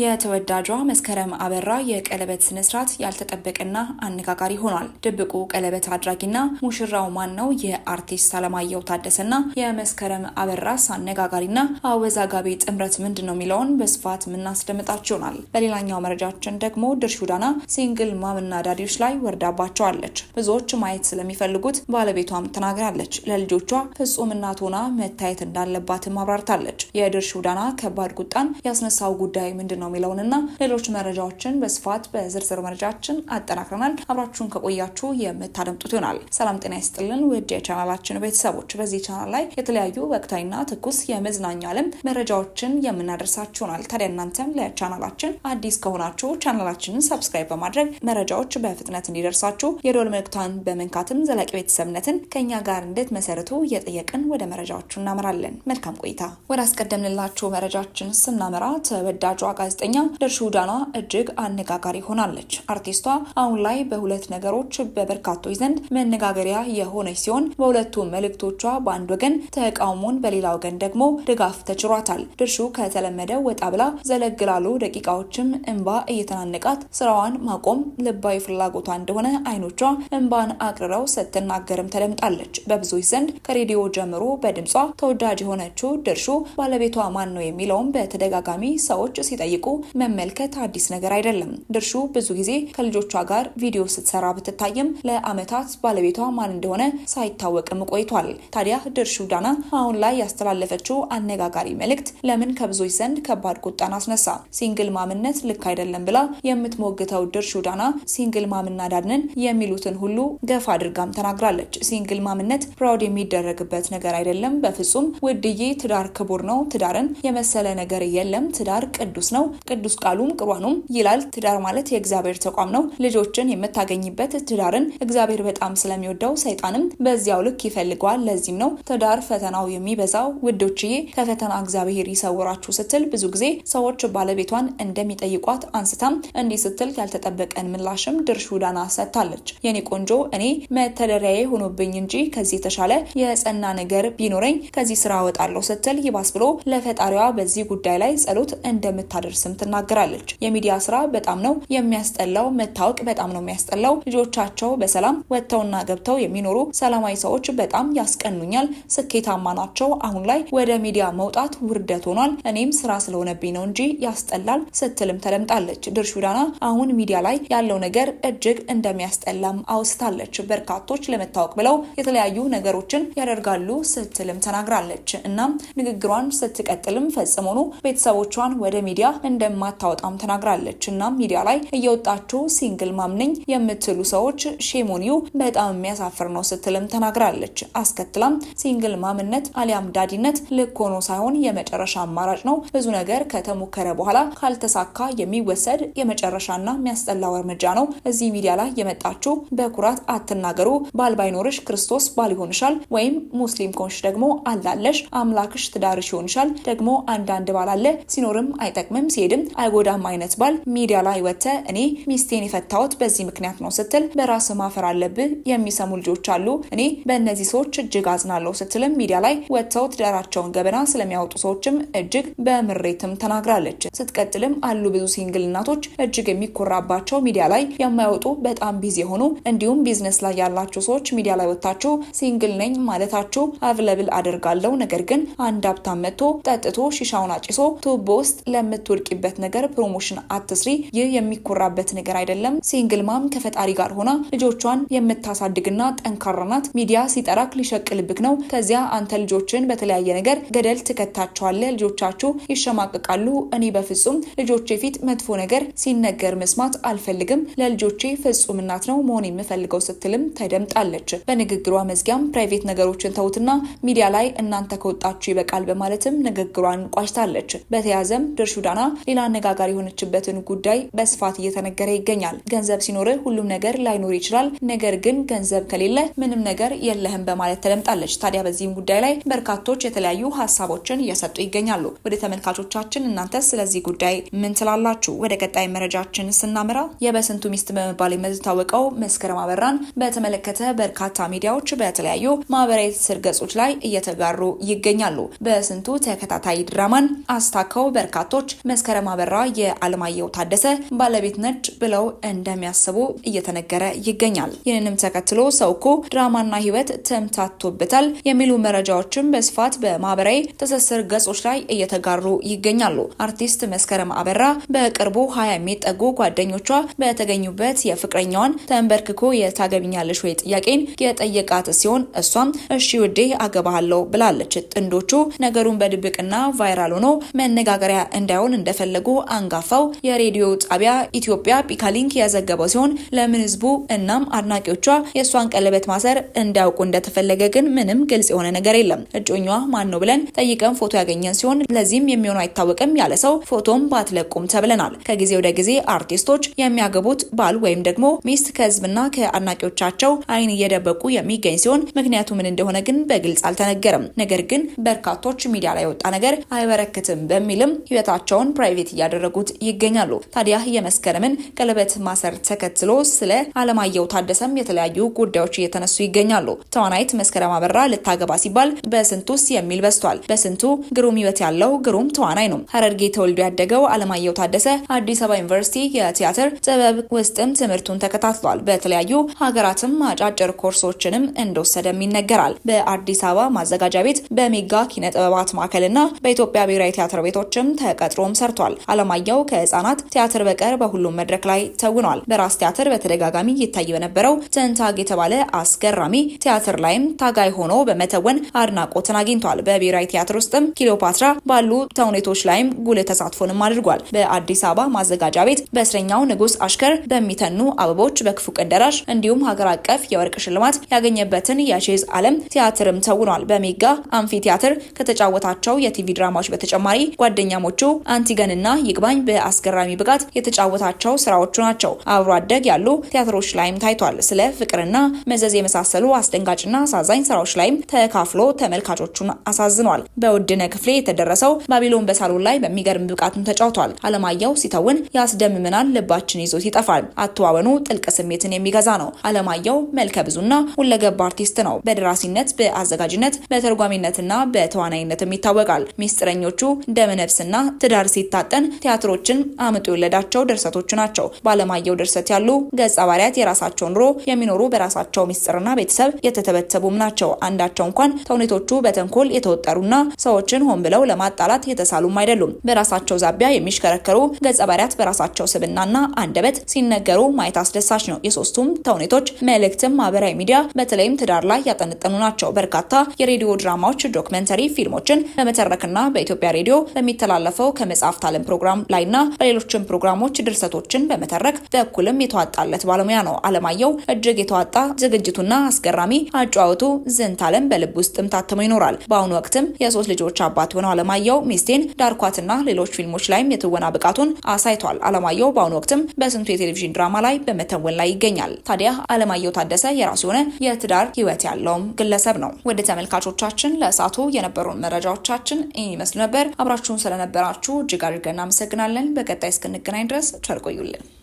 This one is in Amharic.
የተወዳጇ መስከረም አበራ የቀለበት ስነስርዓት ያልተጠበቀና አነጋጋሪ ሆኗል። ድብቁ ቀለበት አድራጊና ሙሽራው ማን ነው? የአርቲስት አለማየሁ ታደሰና የመስከረም አበራስ አነጋጋሪና አወዛጋቢ ጥምረት ምንድን ነው የሚለውን በስፋት የምናስደምጣችሁ ይሆናል። በሌላኛው መረጃችን ደግሞ ድርሹ ዳና ሲንግል ማምና ዳዲዎች ላይ ወርዳባቸዋለች። ብዙዎች ማየት ስለሚፈልጉት ባለቤቷም ተናግራለች። ለልጆቿ ፍጹም እናት ሆና መታየት እንዳለባትም አብራርታለች። የድርሹ ዳና ከባድ ቁጣን ያስነሳው ጉዳይ ምንድን ነው ነው የሚለውንና ሌሎች መረጃዎችን በስፋት በዝርዝር መረጃችን አጠናክረናል። አብራችሁን ከቆያችሁ የምታደምጡት ይሆናል። ሰላም ጤና ይስጥልን ውድ የቻናላችን ቤተሰቦች፣ በዚህ ቻናል ላይ የተለያዩ ወቅታዊና ትኩስ የመዝናኛ ዓለም መረጃዎችን የምናደርሳችሁ ይሆናል። ታዲያ እናንተም ለቻናላችን አዲስ ከሆናችሁ ቻናላችንን ሰብስክራይብ በማድረግ መረጃዎች በፍጥነት እንዲደርሳችሁ የዶል ምልክቷን በመንካትም ዘላቂ ቤተሰብነትን ከእኛ ጋር እንድትመሰርቱ እየጠየቅን ወደ መረጃዎቹ እናመራለን። መልካም ቆይታ። ወደ አስቀደምንላችሁ መረጃችን ስናመራ ተወዳጇ ጋዜጠ ጋዜጠኛ ድርሹ ዳና እጅግ አነጋጋሪ ሆናለች። አርቲስቷ አሁን ላይ በሁለት ነገሮች በበርካቶች ዘንድ መነጋገሪያ የሆነች ሲሆን በሁለቱ መልእክቶቿ በአንድ ወገን ተቃውሞን፣ በሌላ ወገን ደግሞ ድጋፍ ተችሯታል። ድርሹ ከተለመደ ወጣ ብላ ዘለግላሉ ደቂቃዎችም እንባ እየተናነቃት ስራዋን ማቆም ልባዊ ፍላጎቷ እንደሆነ አይኖቿ እንባን አቅርረው ስትናገርም ተደምጣለች። በብዙዎች ዘንድ ከሬዲዮ ጀምሮ በድምጿ ተወዳጅ የሆነችው ድርሹ ባለቤቷ ማን ነው የሚለውም በተደጋጋሚ ሰዎች ሲጠይቁ ሲጠይቁ መመልከት አዲስ ነገር አይደለም። ድርሹ ብዙ ጊዜ ከልጆቿ ጋር ቪዲዮ ስትሰራ ብትታይም ለዓመታት ባለቤቷ ማን እንደሆነ ሳይታወቅም ቆይቷል። ታዲያ ድርሹ ዳና አሁን ላይ ያስተላለፈችው አነጋጋሪ መልእክት ለምን ከብዙዎች ዘንድ ከባድ ቁጣን አስነሳ። ሲንግል ማምነት ልክ አይደለም ብላ የምትሞግተው ድርሹ ዳና ሲንግል ማምና ዳድንን የሚሉትን ሁሉ ገፋ አድርጋም ተናግራለች። ሲንግል ማምነት ፕራውድ የሚደረግበት ነገር አይደለም በፍጹም ውድዬ። ትዳር ክቡር ነው። ትዳርን የመሰለ ነገር የለም። ትዳር ቅዱስ ነው። ቅዱስ ቃሉም ቅሯኑም ይላል ትዳር ማለት የእግዚአብሔር ተቋም ነው። ልጆችን የምታገኝበት ትዳርን እግዚአብሔር በጣም ስለሚወደው ሰይጣንም በዚያው ልክ ይፈልገዋል። ለዚህም ነው ትዳር ፈተናው የሚበዛው። ውዶችዬ ከፈተና እግዚአብሔር ይሰውራችሁ ስትል ብዙ ጊዜ ሰዎች ባለቤቷን እንደሚጠይቋት አንስታም እንዲህ ስትል ያልተጠበቀን ምላሽም ድርሹ ዳና ሰጥታለች። የኔ ቆንጆ እኔ መተደሪያዬ ሆኖብኝ እንጂ ከዚህ የተሻለ የጸና ነገር ቢኖረኝ ከዚህ ስራ እወጣለሁ ስትል ይባስ ብሎ ለፈጣሪዋ በዚህ ጉዳይ ላይ ጸሎት እንደምታደርስ ስም ትናገራለች። የሚዲያ ስራ በጣም ነው የሚያስጠላው፣ መታወቅ በጣም ነው የሚያስጠላው። ልጆቻቸው በሰላም ወጥተውና ገብተው የሚኖሩ ሰላማዊ ሰዎች በጣም ያስቀኑኛል። ስኬታማ ናቸው። አሁን ላይ ወደ ሚዲያ መውጣት ውርደት ሆኗል። እኔም ስራ ስለሆነብኝ ነው እንጂ ያስጠላል ስትልም ተደምጣለች። ድርሹ ዳና አሁን ሚዲያ ላይ ያለው ነገር እጅግ እንደሚያስጠላም አውስታለች። በርካቶች ለመታወቅ ብለው የተለያዩ ነገሮችን ያደርጋሉ ስትልም ተናግራለች። እናም ንግግሯን ስትቀጥልም ፈጽሞኑ ቤተሰቦቿን ወደ ሚዲያ እንደማታወጣም ተናግራለች። እና ሚዲያ ላይ እየወጣችሁ ሲንግል ማምነኝ የምትሉ ሰዎች ሼሞኒው በጣም የሚያሳፍር ነው ስትልም ተናግራለች። አስከትላም ሲንግል ማምነት አሊያም ዳዲነት ልክ ሆኖ ሳይሆን የመጨረሻ አማራጭ ነው። ብዙ ነገር ከተሞከረ በኋላ ካልተሳካ የሚወሰድ የመጨረሻና የሚያስጠላው እርምጃ ነው። እዚህ ሚዲያ ላይ የመጣችሁ በኩራት አትናገሩ። ባል ባይኖርሽ ክርስቶስ ባል ይሆንሻል፣ ወይም ሙስሊም ከሆንሽ ደግሞ አላለሽ አምላክሽ ትዳርሽ ይሆንሻል። ደግሞ አንዳንድ ባል አለ ሲኖርም አይጠቅምም ሲሄድም አይጎዳም አይነት ባል ሚዲያ ላይ ወጥተ እኔ ሚስቴን የፈታሁት በዚህ ምክንያት ነው ስትል በራስ ማፈር አለብህ። የሚሰሙ ልጆች አሉ። እኔ በእነዚህ ሰዎች እጅግ አዝናለሁ ስትልም ሚዲያ ላይ ወጥተው ትዳራቸውን ገበና ስለሚያወጡ ሰዎችም እጅግ በምሬትም ተናግራለች። ስትቀጥልም አሉ ብዙ ሲንግል እናቶች እጅግ የሚኮራባቸው ሚዲያ ላይ የማይወጡ በጣም ቢዚ የሆኑ እንዲሁም ቢዝነስ ላይ ያላችሁ ሰዎች ሚዲያ ላይ ወጥታችሁ ሲንግል ነኝ ማለታችሁ አቭለብል አደርጋለሁ። ነገር ግን አንድ ሀብታም መጥቶ ጠጥቶ ሺሻውን አጭሶ ቱቦ ውስጥ ለምትወድ የምትወድቂበት ነገር ፕሮሞሽን አትስሪ። ይህ የሚኮራበት ነገር አይደለም። ሲንግል ማም ከፈጣሪ ጋር ሆና ልጆቿን የምታሳድግና ጠንካራ ናት። ሚዲያ ሲጠራክ ሊሸቅልብክ ነው። ከዚያ አንተ ልጆችን በተለያየ ነገር ገደል ትከታቸዋለህ። ልጆቻችሁ ይሸማቀቃሉ። እኔ በፍጹም ልጆቼ ፊት መጥፎ ነገር ሲነገር መስማት አልፈልግም። ለልጆቼ ፍጹም እናት ነው መሆን የምፈልገው ስትልም ተደምጣለች። በንግግሯ መዝጊያም ፕራይቬት ነገሮችን ተውትና ሚዲያ ላይ እናንተ ከወጣችሁ ይበቃል በማለትም ንግግሯን ቋጭታለች። በተያዘም ድርሹ ዳና ሌላ አነጋጋሪ የሆነችበትን ጉዳይ በስፋት እየተነገረ ይገኛል። ገንዘብ ሲኖር ሁሉም ነገር ላይኖር ይችላል፣ ነገር ግን ገንዘብ ከሌለ ምንም ነገር የለህም በማለት ተደምጣለች። ታዲያ በዚህም ጉዳይ ላይ በርካቶች የተለያዩ ሀሳቦችን እየሰጡ ይገኛሉ። ወደ ተመልካቾቻችን እናንተ ስለዚህ ጉዳይ ምን ትላላችሁ? ወደ ቀጣይ መረጃችን ስናምራ የበስንቱ ሚስት በመባል የምትታወቀው መስከረም አበራን በተመለከተ በርካታ ሚዲያዎች በተለያዩ ማህበራዊ ትስስር ገጾች ላይ እየተጋሩ ይገኛሉ። በስንቱ ተከታታይ ድራማን አስታከው በርካቶች መስከረም አበራ የአለማየሁ ታደሰ ባለቤት ነች ብለው እንደሚያስቡ እየተነገረ ይገኛል። ይህንንም ተከትሎ ሰው እኮ ድራማና ህይወት ተምታቶበታል የሚሉ መረጃዎችም በስፋት በማህበራዊ ትስስር ገጾች ላይ እየተጋሩ ይገኛሉ። አርቲስት መስከረም አበራ በቅርቡ ሀያ የሚጠጉ ጓደኞቿ በተገኙበት የፍቅረኛዋን ተንበርክኮ የታገቢኛለሽ ወይ ጥያቄን የጠየቃት ሲሆን እሷም እሺ ውዴ አገባሃለሁ ብላለች። ጥንዶቹ ነገሩን በድብቅና ቫይራል ሆኖ መነጋገሪያ እንዳይሆን እንደ እንደፈለጉ አንጋፋው የሬዲዮ ጣቢያ ኢትዮጵያ ፒካሊንክ የዘገበው ሲሆን ለምን ህዝቡ እናም አድናቂዎቿ የእሷን ቀለበት ማሰር እንዳያውቁ እንደተፈለገ ግን ምንም ግልጽ የሆነ ነገር የለም። እጮኛ ማን ነው ብለን ጠይቀን ፎቶ ያገኘን ሲሆን ለዚህም የሚሆኑ አይታወቅም ያለ ሰው ፎቶም ባትለቁም ተብለናል። ከጊዜ ወደ ጊዜ አርቲስቶች የሚያገቡት ባል ወይም ደግሞ ሚስት ከህዝብና ከአድናቂዎቻቸው አይን እየደበቁ የሚገኝ ሲሆን ምክንያቱ ምን እንደሆነ ግን በግልጽ አልተነገረም። ነገር ግን በርካቶች ሚዲያ ላይ የወጣ ነገር አይበረክትም በሚልም ህይወታቸውን ፕራይቬት እያደረጉት ይገኛሉ። ታዲያ የመስከረምን ቀለበት ማሰር ተከትሎ ስለ አለማየሁ ታደሰም የተለያዩ ጉዳዮች እየተነሱ ይገኛሉ። ተዋናይት መስከረም አበራ ልታገባ ሲባል በስንቱስ የሚል በስቷል። በስንቱ ግሩም ሕይወት ያለው ግሩም ተዋናይ ነው። ሀረርጌ ተወልዶ ያደገው አለማየሁ ታደሰ አዲስ አበባ ዩኒቨርሲቲ የቲያትር ጥበብ ውስጥም ትምህርቱን ተከታትሏል። በተለያዩ ሀገራትም አጫጭር ኮርሶችንም እንደወሰደም ይነገራል። በአዲስ አበባ ማዘጋጃ ቤት፣ በሜጋ ኪነ ጥበባት ማዕከልና በኢትዮጵያ ብሔራዊ ቲያትር ቤቶችም ተቀጥሮም ሰርቷል። ሰርቷል። አለማያው ከህጻናት ቲያትር በቀር በሁሉም መድረክ ላይ ተውኗል። በራስ ቲያትር በተደጋጋሚ ይታይ በነበረው ትንታግ የተባለ አስገራሚ ቲያትር ላይም ታጋይ ሆኖ በመተወን አድናቆትን አግኝቷል። በብሔራዊ ቲያትር ውስጥም ኪሎፓትራ ባሉ ተውኔቶች ላይም ጉልህ ተሳትፎንም አድርጓል። በአዲስ አበባ ማዘጋጃ ቤት በእስረኛው ንጉስ አሽከር፣ በሚተኑ አበቦች፣ በክፉ ቀን ደራሽ እንዲሁም ሀገር አቀፍ የወርቅ ሽልማት ያገኘበትን የቼዝ ዓለም ቲያትርም ተውኗል። በሜጋ አምፊ ቲያትር ከተጫወታቸው የቲቪ ድራማዎች በተጨማሪ ጓደኛሞቹ አንቲ ሲገንና ይግባኝ በአስገራሚ ብቃት የተጫወታቸው ስራዎቹ ናቸው። አብሮ አደግ ያሉ ቲያትሮች ላይም ታይቷል። ስለ ፍቅርና መዘዝ የመሳሰሉ አስደንጋጭና አሳዛኝ ስራዎች ላይም ተካፍሎ ተመልካቾቹን አሳዝኗል። በውድነ ክፍሌ የተደረሰው ባቢሎን በሳሎን ላይ በሚገርም ብቃቱን ተጫውቷል። አለማየሁ ሲተውን ያስደምመናል፣ ልባችን ይዞት ይጠፋል። አተዋወኑ ጥልቅ ስሜትን የሚገዛ ነው። አለማየሁ መልከ ብዙና ሁለገብ አርቲስት ነው። በደራሲነት፣ በአዘጋጅነት፣ በተርጓሚነትና በተዋናይነትም ይታወቃል። ሚስጥረኞቹ፣ ደመነፍስና ትዳር ሴት ሲታጠን ቲያትሮችን አምጡ የወለዳቸው ድርሰቶች ናቸው። በአለማየሁ ድርሰት ያሉ ገጸ ባህሪያት የራሳቸው ኑሮ የሚኖሩ በራሳቸው ሚስጥርና ቤተሰብ የተተበተቡም ናቸው። አንዳቸው እንኳን ተውኔቶቹ በተንኮል የተወጠሩና ሰዎችን ሆን ብለው ለማጣላት የተሳሉም አይደሉም። በራሳቸው ዛቢያ የሚሽከረከሩ ገጸ ባህሪያት በራሳቸው ስብናና አንደበት ሲነገሩ ማየት አስደሳች ነው። የሶስቱም ተውኔቶች መልእክትም ማህበራዊ ሚዲያ በተለይም ትዳር ላይ ያጠነጠኑ ናቸው። በርካታ የሬዲዮ ድራማዎች፣ ዶክመንተሪ ፊልሞችን በመተረክና በኢትዮጵያ ሬዲዮ በሚተላለፈው ከመጽሐፍ የናፍታለም ፕሮግራም ላይና በሌሎችም ፕሮግራሞች ድርሰቶችን በመተረክ በኩልም የተዋጣለት ባለሙያ ነው። አለማየሁ እጅግ የተዋጣ ዝግጅቱና አስገራሚ አጫወቱ ዝንታለም በልብ ውስጥም ታትሞ ይኖራል። በአሁኑ ወቅትም የሶስት ልጆች አባት ሆነው አለማየሁ ሚስቴን ዳርኳትና ሌሎች ፊልሞች ላይም የትወና ብቃቱን አሳይቷል። አለማየሁ በአሁኑ ወቅትም በስንቱ የቴሌቪዥን ድራማ ላይ በመተወን ላይ ይገኛል። ታዲያ አለማየሁ ታደሰ የራሱ የሆነ የትዳር ህይወት ያለውም ግለሰብ ነው። ወደ ተመልካቾቻችን ለእሳቱ የነበሩን መረጃዎቻችን ይመስሉ ነበር። አብራችሁን ስለነበራችሁ እጅግ አድርገን አመሰግናለን በቀጣይ እስክንገናኝ ድረስ ቸር ቆዩልን።